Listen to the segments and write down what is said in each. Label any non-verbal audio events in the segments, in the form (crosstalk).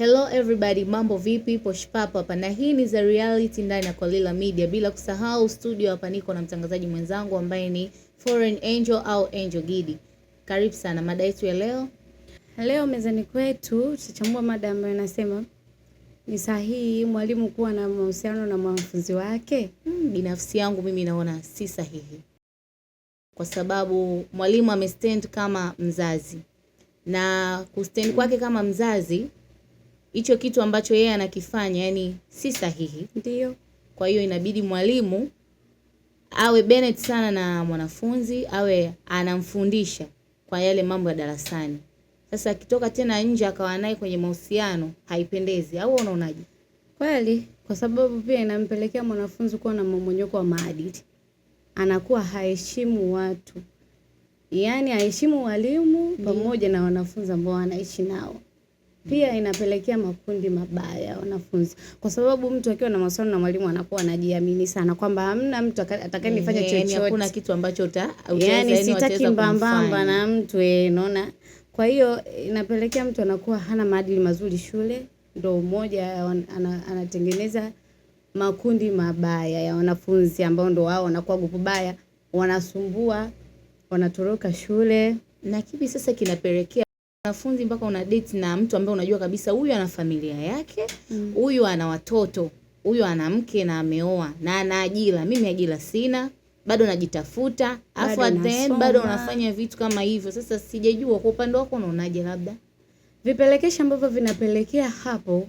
Hello everybody, mambo vipi? Posh papa hapa, na hii ni The Reality ndani ya Kolila Media. Bila kusahau studio hapa, niko na mtangazaji mwenzangu ambaye ni Foreign Angel au Angel Gidi. Karibu sana mada yetu ya leo. Leo mezani kwetu tutachambua mada ambayo inasema ni sahihi mwalimu kuwa na mahusiano na mwanafunzi wake? Hmm, binafsi yangu mimi naona si sahihi, kwa sababu mwalimu amestand kama mzazi na kustand kwake kama mzazi hicho kitu ambacho yeye anakifanya yani si sahihi. Ndio. Kwa hiyo inabidi mwalimu awe Bennett sana na mwanafunzi, awe anamfundisha kwa yale mambo ya darasani. Sasa akitoka tena nje akawa naye kwenye mahusiano haipendezi, au unaonaje? Kweli, kwa sababu pia inampelekea mwanafunzi kuwa na mmomonyoko wa maadili, anakuwa haheshimu watu, yaani haheshimu walimu pamoja na wanafunzi ambao anaishi nao pia inapelekea makundi mabaya ya wanafunzi, kwa sababu mtu akiwa na mahusiano na mwalimu anakuwa anajiamini sana kwamba hamna mtu atakayenifanya yaani chochote, hakuna kitu ambacho uta yaani yani sitaki mbambamba na mtu eh, naona. Kwa hiyo inapelekea mtu anakuwa hana maadili mazuri shule, ndo mmoja anatengeneza makundi mabaya ya wanafunzi ambao ndo wao wanakuwa gupu baya, wanasumbua, wanatoroka shule na kipi sasa kinapelekea wanafunzi mpaka una date na mtu ambaye unajua kabisa huyu ana familia yake, mm. huyu mm. ana watoto, huyu ana mke na ameoa na ana ajira. Mimi ajira sina, bado najitafuta, afu at the end bado unafanya vitu kama hivyo. Sasa sijajua kwa upande wako unaonaje, labda vipelekesha ambavyo vinapelekea hapo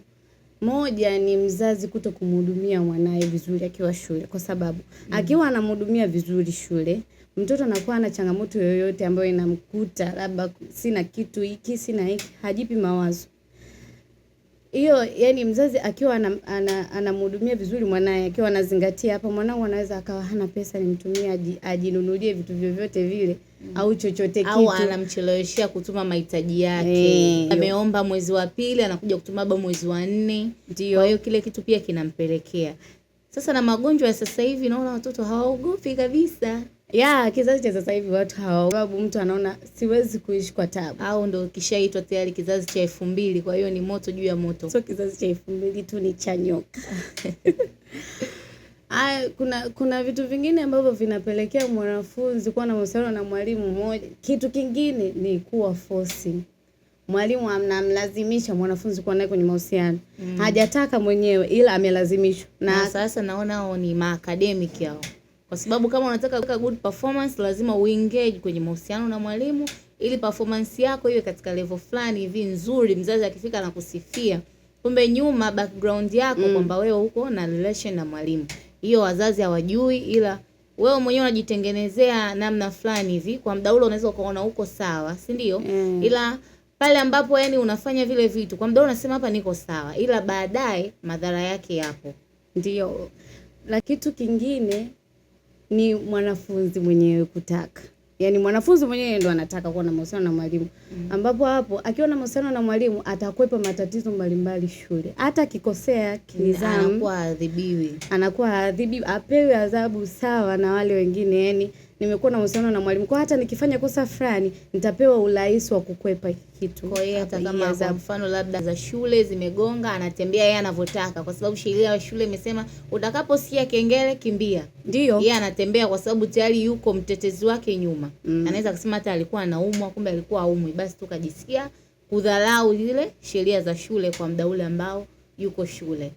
moja ni mzazi kuto kumhudumia mwanaye vizuri akiwa shule, kwa sababu mm. akiwa anamhudumia vizuri shule mtoto anakuwa na changamoto yoyote ambayo inamkuta, labda sina kitu hiki, sina hiki, hajipi mawazo hiyo. Yani mzazi akiwa anamhudumia vizuri mwanaye, akiwa anazingatia hapa, mwanangu anaweza akawa hana pesa, nimtumie ajinunulie vitu vyovyote vile Mm. au chochote kitu au anamcheleweshia kutuma mahitaji yake. hey. Eh. Ameomba mwezi wa pili, anakuja kutuma baba mwezi wa nne. Kwa hiyo kile kitu pia kinampelekea sasa. Na magonjwa ya sasa hivi naona watoto hawaogopi kabisa ya kizazi cha sasa hivi watu hawa, sababu mtu anaona siwezi kuishi kwa tabu, Hao ndo kishaitwa tayari kizazi cha elfu mbili. Kwa hiyo ni moto juu ya moto, So kizazi cha elfu mbili tu, ni cha nyoka. (laughs) Aya, kuna kuna vitu vingine ambavyo vinapelekea mwanafunzi kuwa na mahusiano na mwalimu mmoja. Kitu kingine ni kuwa forcing mwalimu anamlazimisha mwanafunzi kuwa naye kwenye mahusiano mm. Hajataka mwenyewe ila amelazimishwa na, na sasa naona hao ni maakademiki hao kwa sababu kama unataka good performance lazima uengage kwenye mahusiano na mwalimu, ili performance yako iwe katika level fulani hivi nzuri, mzazi akifika na kusifia, kumbe nyuma background yako mm. kwamba wewe huko na relation na mwalimu. Hiyo wazazi hawajui, ila wewe mwenyewe unajitengenezea namna fulani hivi. Kwa muda ule unaweza ukaona huko sawa, si ndio? mm. ila pale ambapo yani unafanya vile vitu kwa muda unasema hapa niko sawa, ila baadaye madhara yake yapo, ndio na kitu kingine ni mwanafunzi mwenyewe kutaka yaani mwanafunzi mwenyewe ndo anataka kuwa na mahusiano na mwalimu mm. ambapo hapo akiwa na mahusiano na mwalimu atakwepa matatizo mbalimbali shule. Hata akikosea kinizamu anakuwa adhibiwi, anakuwa adhibiwi, apewe adhabu sawa na wale wengine, yaani nimekuwa na uhusiano na mwalimu, kwa hata nikifanya kosa fulani nitapewa urahisi wa kukwepa kitu. Kwa hiyo hata kama kwa mfano labda za shule zimegonga, anatembea yeye anavyotaka, kwa sababu sheria ya shule imesema utakaposikia kengele kimbia. Ndio yeye anatembea, kwa sababu tayari yuko mtetezi wake nyuma. Mm. Anaweza kusema hata alikuwa anaumwa, kumbe alikuwa aumwi, basi tukajisikia kudharau zile sheria za shule kwa muda ule ambao yuko shule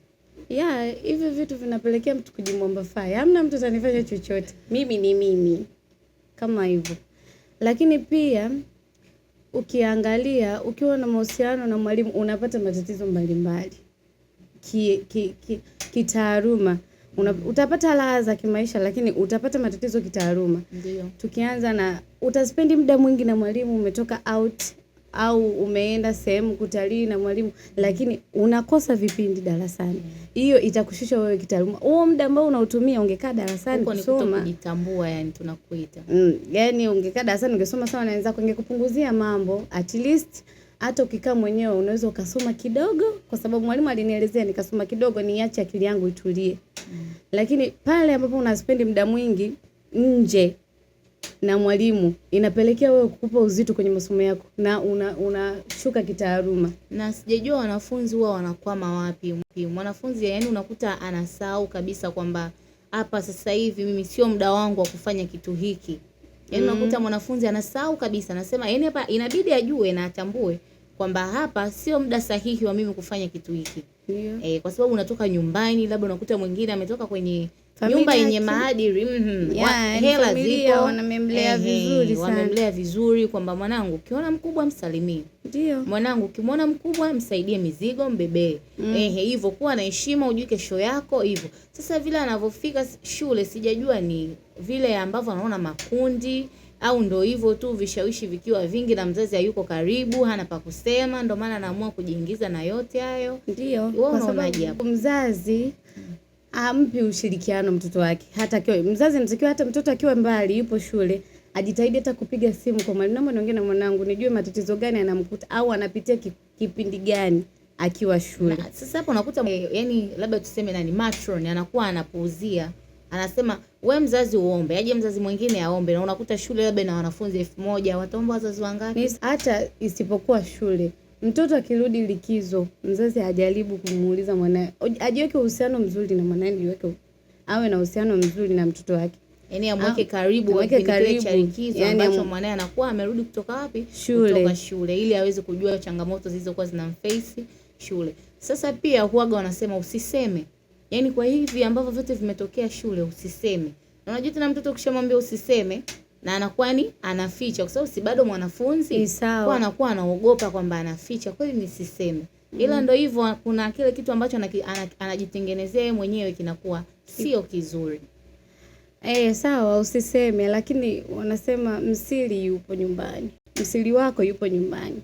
ya yeah, hivyo vitu vinapelekea mtu faya. Hamna mtu atanifanya chochote, mimi ni mimi kama hivyo. Lakini pia ukiangalia ukiwa na mahusiano na mwalimu unapata matatizo mbalimbali ki, ki, ki, kitaaluma Una, utapata raha za kimaisha lakini utapata matatizo kitaaluma. Tukianza na utaspendi muda mwingi na mwalimu, umetoka out au umeenda sehemu kutalii na mwalimu, lakini unakosa vipindi darasani, hiyo itakushusha wewe kitaaluma. Huo muda ambao unautumia ungekaa darasani kusoma, kujitambua, yani tunakuita mm, yani ungekaa darasani ungesoma sawa na wenzako, ingekupunguzia mambo at least hata ukikaa mwenyewe unaweza ukasoma kidogo, kwa sababu mwalimu alinielezea, nikasoma kidogo niache akili yangu itulie. Mm. Lakini pale ambapo unaspendi muda mwingi nje na mwalimu inapelekea wewe kukupa uzito kwenye masomo yako na unashuka una kitaaluma. Na sijajua wanafunzi huwa wanakwama wapi. Mwanafunzi yaani unakuta anasahau kabisa kwamba hapa sasa hivi mimi sio muda wangu wa kufanya kitu hiki. Yaani mm. unakuta mwanafunzi anasahau kabisa, anasema yaani hapa inabidi ajue na atambue kwamba hapa sio muda sahihi wa mimi kufanya kitu hiki. Yeah. E, kwa sababu unatoka nyumbani, labda unakuta mwingine ametoka kwenye nyumba yenye maadili mm, yeah, hela zipo, wamemlea vizuri sana, wamemlea vizuri kwamba mwanangu, ukiona mkubwa msalimie, ndio mwanangu, ukimwona mkubwa msaidie mizigo, mbebee mm. Ehe, hivyo kuwa na heshima, ujue kesho yako hivyo. Sasa vile anavyofika shule, sijajua ni vile ambavyo anaona makundi au ndo hivyo tu, vishawishi vikiwa vingi na mzazi hayuko karibu, hana pa kusema, ndo maana anaamua kujiingiza na yote hayo. Ndio kwa sababu mzazi mm ampi ushirikiano mtoto wake, hata akiwa mzazi anatakiwa, hata mtoto akiwa mbali, yupo shule, ajitahidi hata kupiga simu kwa mwalimu, naomba niongee na mwanangu, nijue matatizo gani anamkuta au anapitia kipindi gani akiwa shule. Na, sasa hapo unakuta e, yani labda tuseme nani matron anakuwa anapuuzia, anasema we mzazi uombe, aje mzazi mwingine aombe, na unakuta shule labda na wanafunzi elfu moja wataomba wazazi wangapi? Hata isipokuwa shule Mtoto akirudi likizo, mzazi hajaribu kumuuliza mwanae, ajiweke uhusiano mzuri na mwanae, niweke awe na uhusiano mzuri na mtoto wake, yaani amweke ah, karibu, amweke karibu cha likizo yani, ambacho mwanae anakuwa amerudi kutoka wapi? Shule, kutoka shule, ili aweze kujua changamoto zilizokuwa zinamface shule. Sasa pia huaga wanasema usiseme, yaani kwa hivi ambavyo vyote vimetokea shule usiseme, na unajua tena mtoto ukishamwambia usiseme na anakuwa ni anaficha, kwa sababu si bado mwanafunzi, kwa anakuwa anaogopa kwamba anaficha, kweli nisiseme ila mm-hmm. ndo hivyo, kuna kile kitu ambacho anajitengenezea mwenyewe kinakuwa sio kizuri. Eh, sawa, usiseme, lakini wanasema msiri yupo nyumbani, msiri wako yupo nyumbani.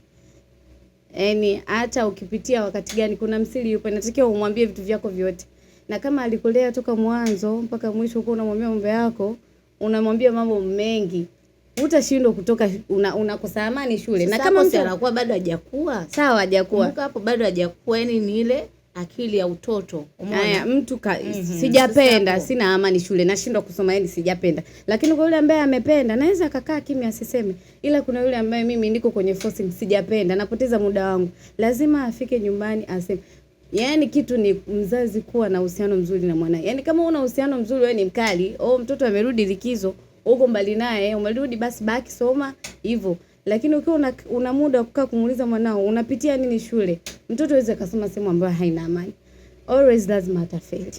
Yaani hata ukipitia wakati gani, kuna msiri yupo, inatakiwa umwambie vitu vyako vyote, na kama alikulea toka mwanzo mpaka mwisho, uko unamwambia mambo yako unamwambia mambo mengi utashindwa kutoka, unakosa una amani shule. Na kama mtu anakuwa bado hajakuwa sawa, hajakuwa hapo, bado hajakuwa, yani ni ile akili ya utoto. Haya, mtu ka, mm -hmm. Sijapenda, sina amani shule, nashindwa kusoma, yani sijapenda. Lakini kwa yule ambaye amependa, naweza akakaa kimya asiseme, ila kuna yule ambaye mimi niko kwenye forcing, sijapenda, napoteza muda wangu, lazima afike nyumbani aseme. Yaani kitu ni mzazi kuwa na uhusiano mzuri na mwanae. Yaani kama una uhusiano mzuri wewe ni mkali, oh mtoto amerudi likizo, uko mbali naye, umerudi basi baki soma hivyo. Lakini ukiwa una, una muda wa kukaa kumuuliza mwanao unapitia nini shule? Mtoto aweze akasoma sehemu ambayo haina amani. Always lazima atafeli.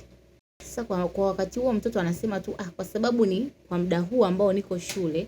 Sasa kwa, kwa wakati huo mtoto anasema tu ah, kwa sababu ni kwa muda huu ambao niko shule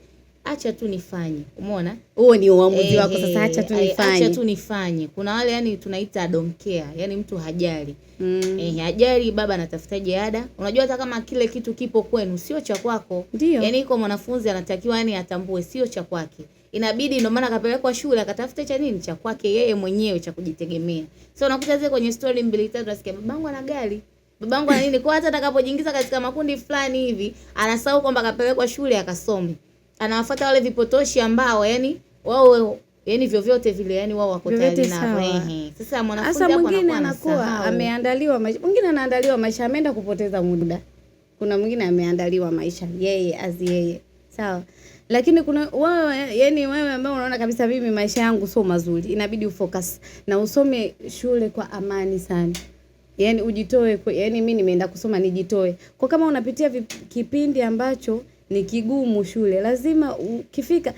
acha tu nifanye. Umeona, huo ni uamuzi wako sasa, eh, acha tu eh, nifanye, acha tu nifanye. Kuna wale yani tunaita don't care, yani mtu hajali mm. Eh, hajali baba anatafutaje ada. Unajua hata kama kile kitu kipo kwenu, sio cha kwako. ndio Yani iko mwanafunzi anatakiwa yani atambue sio cha kwake inabidi ndio maana akapelekwa shule akatafute cha nini cha kwake yeye mwenyewe cha kujitegemea. So unakuta zile kwenye story mbili tatu nasikia babangu ana gari, babangu ana nini, kwa hata atakapojiingiza katika makundi fulani hivi anasahau kwamba akapelekwa shule akasome anawafuata wale vipotoshi ambao yani wao yani vyovyote vile yani wao wako tayari na ehe. Sasa mwanafunzi hapo anakuwa anakuwa ameandaliwa maisha, mwingine anaandaliwa maisha, ameenda kupoteza muda. Kuna mwingine ameandaliwa maisha yeye azi yeye, sawa. Lakini kuna wewe, yani wewe ambao unaona kabisa mimi maisha yangu sio mazuri, inabidi ufocus na usome shule kwa amani sana yani ujitoe, yani mimi nimeenda kusoma nijitoe. Kwa kama unapitia vip, kipindi ambacho ni kigumu shule, lazima ukifika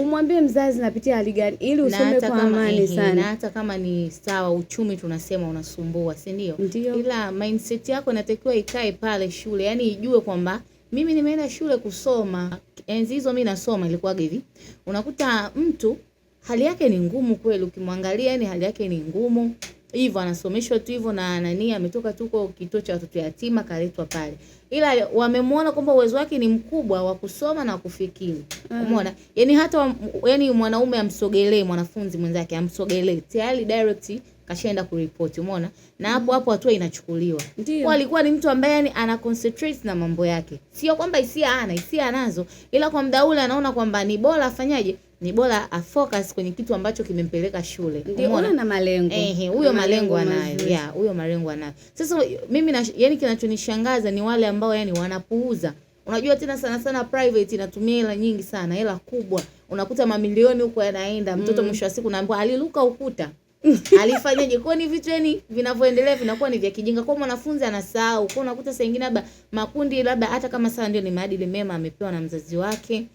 umwambie mzazi napitia hali gani ili usome kwa amani sana. Na hata kama ni sawa, uchumi tunasema unasumbua, si ndio? Ila mindset yako inatakiwa ikae pale shule, yani ijue kwamba mimi nimeenda shule kusoma. Enzi hizo mimi nasoma ilikuwa hivi, unakuta mtu hali yake ni ngumu kweli, ukimwangalia yani hali yake ni ngumu hivyo anasomeshwa tu hivyo na nani, ametoka tu kwa kituo cha watoto yatima kaletwa pale, ila wamemwona kwamba uwezo wake ni mkubwa wa kusoma na kufikiri. Mm. Umeona, mm. yani hata yani mwanaume amsogelee mwanafunzi mwenzake amsogelee, tayari direct kashaenda kuripoti. Umeona, na mm. hapo hapo hatua inachukuliwa. Kwa alikuwa ni mtu ambaye yani ana concentrate na mambo yake, sio kwamba hisia ana hisia anazo, ila kwa mda ule anaona kwamba ni bora afanyaje ni bora afocus kwenye kitu ambacho kimempeleka shule. Ndio ana na malengo. Ehe, huyo malengo anayo. Yeah, huyo malengo anayo. Sasa mimi na, yani kinachonishangaza ni wale ambao yani wanapuuza. Unajua tena sana sana private inatumia hela nyingi sana, hela kubwa. Unakuta mamilioni huko yanaenda. Mtoto mm. mwisho mm. wa siku naambiwa aliruka ukuta. (laughs) Alifanya jikoni vitu yani vinavyoendelea vinakuwa ni vya kijinga. Kwa mwanafunzi anasahau. Kwa unakuta saa nyingine labda makundi labda hata kama sawa ndio ni maadili mema amepewa na mzazi wake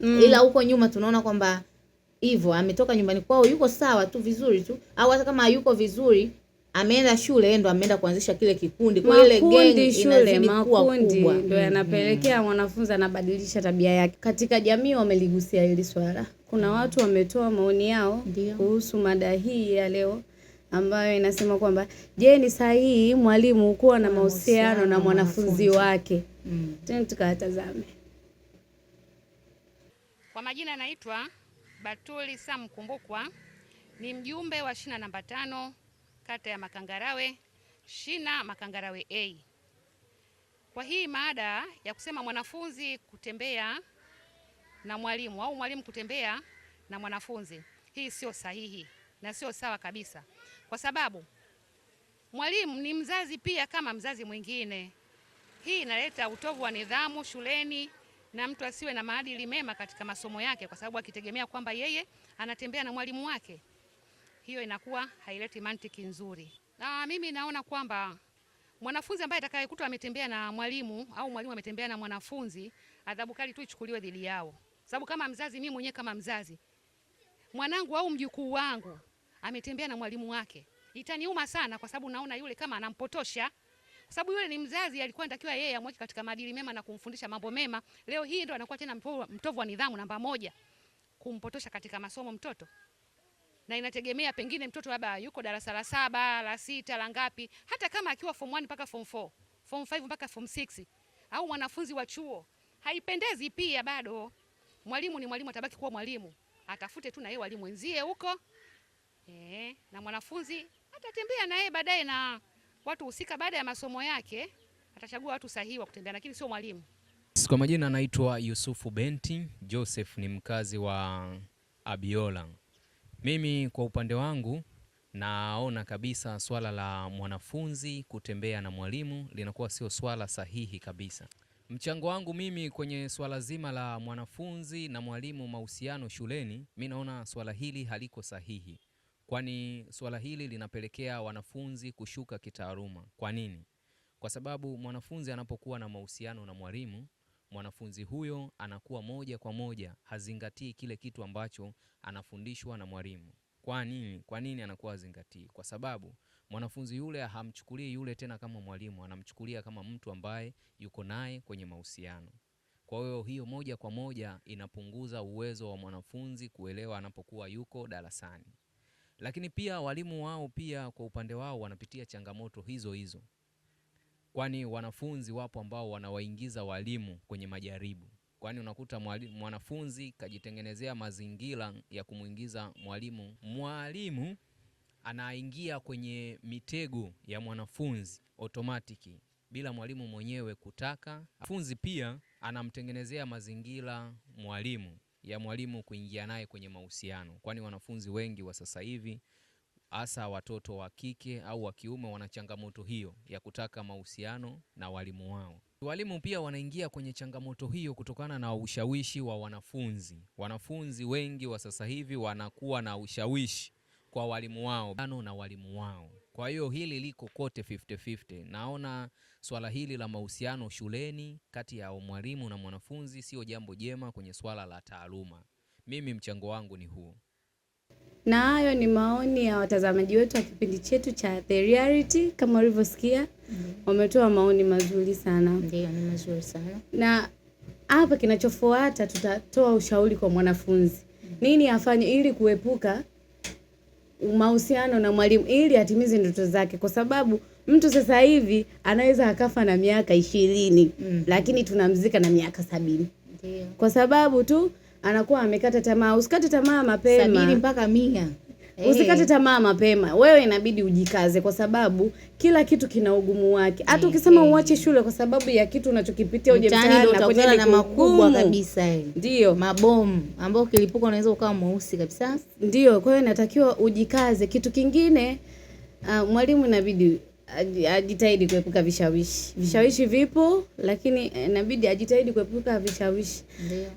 mm. ila huko nyuma tunaona kwamba hivyo ametoka nyumbani kwao, yuko sawa tu vizuri tu, au hata kama yuko vizuri, ameenda shule, ndo ameenda kuanzisha kile kikundi, kwa ile gang inazidi kuwa ndio mm-hmm. yanapelekea mwanafunzi anabadilisha tabia yake. Katika jamii wameligusia hili swala, kuna watu wametoa maoni yao Ndiyo. kuhusu mada hii ya leo ambayo inasema kwamba je, ni sahihi mwalimu kuwa na mahusiano na mwanafunzi wake? mm. Tena tukawatazame kwa majina naitwa Batuli Sam Kumbukwa, ni mjumbe wa shina namba tano kata ya Makangarawe, shina Makangarawe A. Kwa hii mada ya kusema mwanafunzi kutembea na mwalimu au mwalimu kutembea na mwanafunzi, hii sio sahihi na sio sawa kabisa, kwa sababu mwalimu ni mzazi pia kama mzazi mwingine. Hii inaleta utovu wa nidhamu shuleni na mtu asiwe na maadili mema katika masomo yake, kwa sababu akitegemea kwamba yeye anatembea na mwalimu wake, hiyo inakuwa haileti mantiki nzuri. Na mimi naona kwamba mwanafunzi ambaye atakayekuta ametembea na mwalimu au mwalimu ametembea na mwanafunzi, adhabu kali tu ichukuliwe dhidi yao, sababu kama mzazi, mimi mwenyewe kama mzazi, mwanangu au mjukuu wangu ametembea na mwalimu wake, itaniuma sana, kwa sababu naona yule kama anampotosha sababu yule ni mzazi, alikuwa anatakiwa yeye amweke katika maadili mema na kumfundisha mambo mema. Leo hii ndo anakuwa tena mtovu wa nidhamu namba moja, kumpotosha katika masomo mtoto na inategemea pengine mtoto labda yuko darasa la saba la sita la ngapi, hata kama akiwa form 1 mpaka form 4 form 5 mpaka form 6 au mwanafunzi wa chuo, haipendezi pia. Bado mwalimu ni mwalimu, atabaki kuwa mwalimu, atafute tu na yeye walimu wenzie huko e, na mwanafunzi atatembea na yeye baadaye na watu husika baada ya masomo yake atachagua watu sahihi wa kutembea, lakini sio mwalimu. Kwa majina anaitwa Yusufu Benti Joseph, ni mkazi wa Abiola. Mimi kwa upande wangu naona kabisa swala la mwanafunzi kutembea na mwalimu linakuwa sio swala sahihi kabisa. Mchango wangu mimi kwenye swala zima la mwanafunzi na mwalimu, mahusiano shuleni, mi naona swala hili haliko sahihi kwani suala hili linapelekea wanafunzi kushuka kitaaluma. Kwa nini? Kwa sababu mwanafunzi anapokuwa na mahusiano na mwalimu, mwanafunzi huyo anakuwa moja kwa moja hazingatii kile kitu ambacho anafundishwa na mwalimu. Kwa nini? Kwa nini anakuwa hazingatii? Kwa sababu mwanafunzi yule hamchukulii yule tena kama mwalimu, anamchukulia kama mtu ambaye yuko naye kwenye mahusiano. Kwa hiyo hiyo moja kwa moja inapunguza uwezo wa mwanafunzi kuelewa anapokuwa yuko darasani lakini pia walimu wao pia kwa upande wao wanapitia changamoto hizo hizo, kwani wanafunzi wapo ambao wanawaingiza walimu kwenye majaribu, kwani unakuta mwanafunzi kajitengenezea mazingira ya kumwingiza mwalimu, mwalimu anaingia kwenye mitego ya mwanafunzi otomatiki bila mwalimu mwenyewe kutaka. Funzi pia anamtengenezea mazingira mwalimu ya mwalimu kuingia naye kwenye mahusiano, kwani wanafunzi wengi wa sasa hivi hasa watoto wa kike au wa kiume wana changamoto hiyo ya kutaka mahusiano na walimu wao. Walimu pia wanaingia kwenye changamoto hiyo kutokana na ushawishi wa wanafunzi. Wanafunzi wengi wa sasa hivi wanakuwa na ushawishi kwa walimu wao na walimu wao kwa hiyo hili liko kote 50-50. Naona swala hili la mahusiano shuleni kati ya mwalimu na mwanafunzi sio jambo jema kwenye swala la taaluma. Mimi mchango wangu ni huu. Na hayo ni maoni ya watazamaji wetu wa kipindi chetu cha The Reality. Kama ulivyosikia, mm-hmm. wametoa mm -hmm. maoni mazuri sana. ndio ni mazuri sana. Na hapa kinachofuata tutatoa ushauri kwa mwanafunzi, mm-hmm. nini afanye ili kuepuka mahusiano na mwalimu ili atimize ndoto zake, kwa sababu mtu sasa hivi anaweza akafa na miaka ishirini mm. lakini tunamzika na miaka sabini Ndiyo. kwa sababu tu anakuwa amekata tamaa. Usikate tamaa mapema, sabini mpaka mia Hey. Usikate eh. tamaa mapema, wewe inabidi ujikaze, kwa sababu kila kitu kina ugumu wake. Hata ukisema hey, eh. uache shule kwa sababu ya kitu unachokipitia uje mtaani na kwenye na makubwa kabisa, eh. ndio mabomu ambayo kilipuka unaweza ukawa mweusi kabisa. Ndio, kwa hiyo inatakiwa ujikaze. Kitu kingine uh, mwalimu inabidi ajitahidi kuepuka vishawishi. Mm. Vishawishi vipo, lakini eh, inabidi ajitahidi kuepuka vishawishi.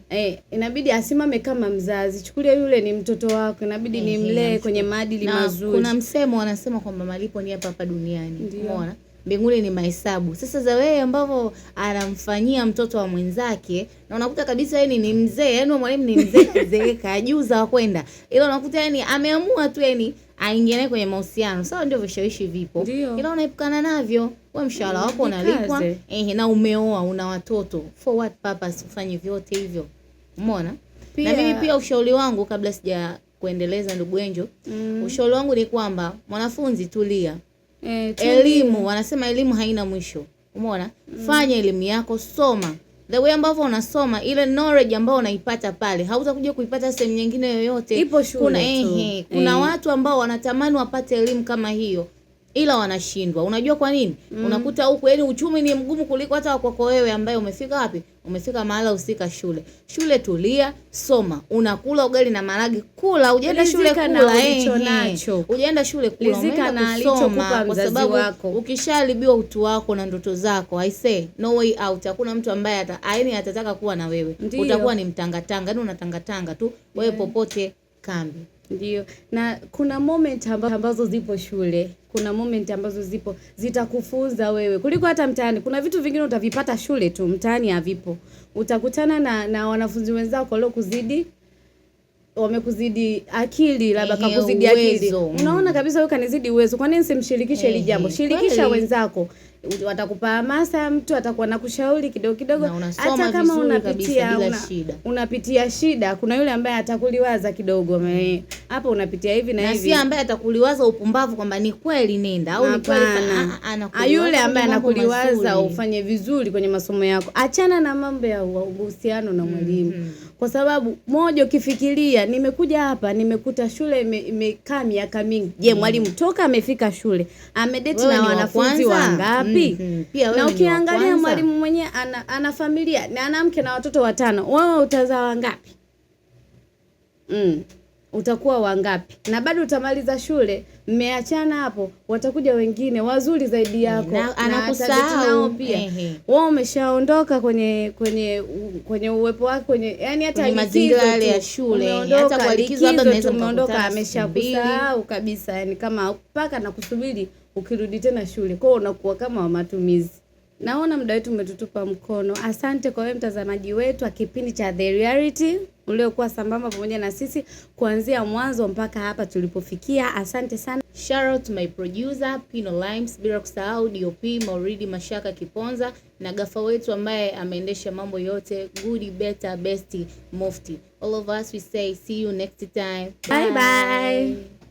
Eh, inabidi asimame kama mzazi, chukulia yule ni mtoto wako, inabidi nimlee kwenye maadili mazuri. Kuna msemo wanasema kwamba malipo ni hapa hapa duniani, umeona? mbinguni ni mahesabu. Sasa za wewe ambavyo anamfanyia mtoto wa mwenzake, na unakuta kabisa yeye ni mzee, yani mwalimu ni mzee (laughs) zeeka juu za kwenda, ila unakuta yani ameamua tu yani aingie naye kwenye mahusiano. Sawa, ndio vishawishi vipo, ila unaepukana navyo. Wewe mshahara mm, wako unalipwa, eh, na umeoa, una watoto, for what purpose? Ufanye vyote hivyo, umeona? Na mimi pia ushauri wangu kabla sija kuendeleza ndugu Enjo, mm. ushauri wangu ni kwamba mwanafunzi, tulia eh, elimu wanasema elimu haina mwisho. Umeona? Mm. Fanya elimu yako, soma. The way ambavyo unasoma ile knowledge ambayo unaipata pale, hautakuja kuipata sehemu nyingine yoyote. Ipo shule kuna, ehe, kuna eh. watu ambao wanatamani wapate elimu kama hiyo ila wanashindwa. Unajua kwa nini? Mm. Unakuta huku yani uchumi ni mgumu kuliko hata kwako wewe ambaye umefika wapi? Umefika mahala usika shule. Shule tulia, soma. Unakula ugali na maragi, kula, Ujaenda shule kula eh. Ujaenda shule kula, umeenda kusoma kwa sababu wako. Ukishaharibiwa utu wako na ndoto zako, I say no way out. Hakuna mtu ambaye ata aini atataka kuwa na wewe. Ndiyo. Utakuwa ni mtangatanga, yani unatangatanga tu wewe yeah. Popote kambi. Ndio. Na kuna moment ambazo zipo shule kuna moment ambazo zipo zitakufunza wewe kuliko hata mtaani. Kuna vitu vingine utavipata shule tu, mtaani havipo. Utakutana na, na wanafunzi wenzako walio kuzidi wamekuzidi akili labda kakuzidi akili, mm. unaona kabisa wewe kanizidi uwezo. Kwa nini simshirikishe hili jambo? Shirikisha wenzako watakupa hamasa, mtu atakuwa na kushauri kidogo kidogo, hata kama unapitia una, shida. unapitia shida. Kuna yule ambaye atakuliwaza kidogo hapo, unapitia hivi na, na hivi, si ambaye atakuliwaza upumbavu kwamba ni kweli nenda au ni kweli ah, ah, yule ambaye anakuliwaza ufanye vizuri kwenye masomo yako, achana na mambo ya uhusiano na mwalimu mm -hmm kwa sababu moja, ukifikiria nimekuja hapa nimekuta shule imekaa miaka mingi. Je, mm. mwalimu toka amefika shule amedeti na wanafunzi wangapi? mm -hmm. na ukiangalia mwalimu mwenyewe ana, ana familia na ana mke na watoto watano, wewe utazaa wangapi? mm utakuwa wangapi? Na bado utamaliza shule, mmeachana hapo, watakuja wengine wazuri zaidi yako anakusahau pia. Wewe umeshaondoka kwenye kwenye kwenye uwepo wako kwenye, yani hata mazingira yale ya shule, hata kwa likizo hata unaweza kuondoka, ameshakusahau kabisa, yani kama mpaka na ukirudi tena shule kwao, unakuwa kama wa matumizi. Naona muda wetu umetutupa mkono. Asante kwa wewe mtazamaji wetu wa kipindi cha The Reality uliokuwa sambamba pamoja na sisi kuanzia mwanzo mpaka hapa tulipofikia. Asante sana. Shout out my producer Pino Limes, bila kusahau DOP Mauridi Mashaka Kiponza na gafa wetu ambaye ameendesha mambo yote, good better best mufti. All of us we say see you next time. Bye bye. bye.